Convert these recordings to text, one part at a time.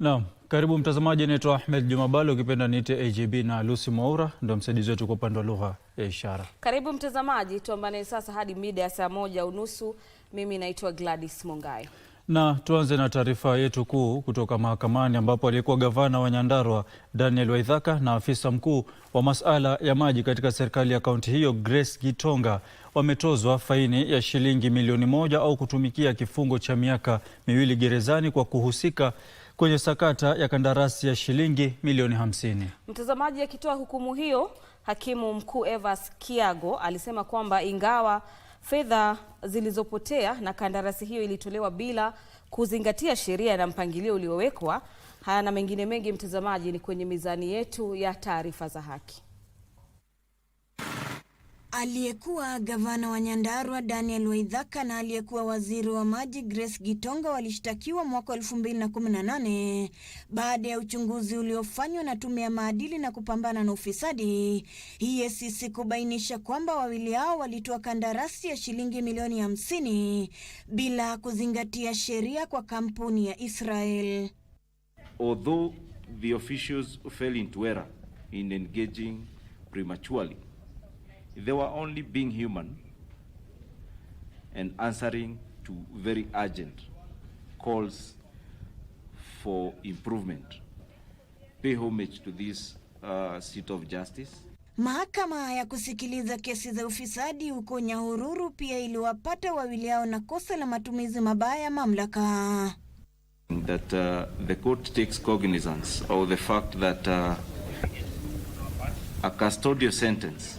Naam, karibu mtazamaji, naitwa Ahmed Jumabalo, ukipenda niite AJB, na Lucy Mwaura ndo msaidizi wetu kwa upande wa lugha ya ishara. Karibu mtazamaji, tuambane sasa hadi mida ya saa moja unusu. Mimi naitwa Gladys mongai na tuanze na taarifa yetu kuu kutoka mahakamani ambapo aliyekuwa gavana wa Nyandarua Daniel Waithaka na afisa mkuu wa masuala ya maji katika serikali ya kaunti hiyo Grace Gitonga wametozwa faini ya shilingi milioni moja au kutumikia kifungo cha miaka miwili gerezani kwa kuhusika kwenye sakata ya kandarasi ya shilingi milioni hamsini. Mtazamaji, akitoa hukumu hiyo, hakimu mkuu Evans Kiago alisema kwamba ingawa fedha zilizopotea na kandarasi hiyo ilitolewa bila kuzingatia sheria na mpangilio uliowekwa. Haya na mengine mengi, mtazamaji, ni kwenye mizani yetu ya taarifa za haki. Aliyekuwa gavana wa Nyandarua Daniel Waithaka na aliyekuwa waziri wa maji Grace Gitonga walishtakiwa mwaka 2018 baada ya uchunguzi uliofanywa na tume ya maadili na kupambana na ufisadi EACC kubainisha kwamba wawili hao walitoa kandarasi ya shilingi milioni 50 bila kuzingatia sheria kwa kampuni ya Israel. Although the officials fell into error in engaging prematurely They were only being human and answering to very urgent calls for improvement. Pay homage to this uh, seat of justice. Mahakama ya kusikiliza kesi za ufisadi huko Nyahururu pia iliwapata wawili hao na kosa la matumizi mabaya ya mamlaka. That uh, the court takes cognizance of the fact that uh, a custodial sentence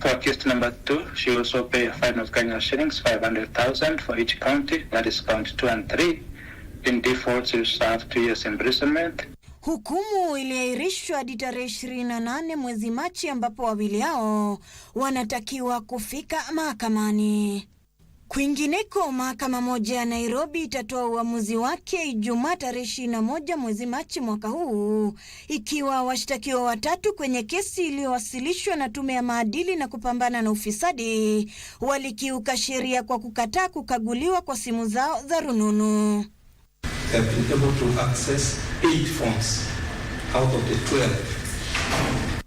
For accused number two, she also pay a fine of Kenya shillings 500,000 for each county, that is count two and three. In default, she served two years imprisonment. Hukumu iliahirishwa hadi tarehe 28 mwezi Machi ambapo wawili hao wanatakiwa kufika mahakamani. Kwingineko, mahakama moja ya Nairobi itatoa uamuzi wake Ijumaa tarehe 21 mwezi Machi mwaka huu, ikiwa washtakiwa watatu kwenye kesi iliyowasilishwa na tume ya maadili na kupambana na ufisadi walikiuka sheria kwa kukataa kukaguliwa kwa simu zao za rununu. They have been able to access eight phones out of the 12.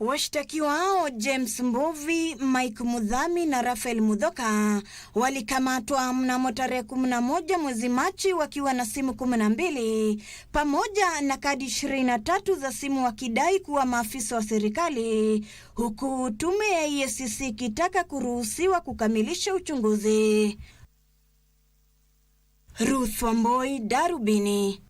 Washtakiwa hao James Mbuvi, Mike Mudhami na Rafael Mudhoka walikamatwa mnamo tarehe 11 mwezi Machi wakiwa na simu 12 pamoja na kadi 23 za simu wakidai kuwa maafisa wa serikali, huku tume ya EACC ikitaka kuruhusiwa kukamilisha uchunguzi. Ruth Wamboi, Darubini.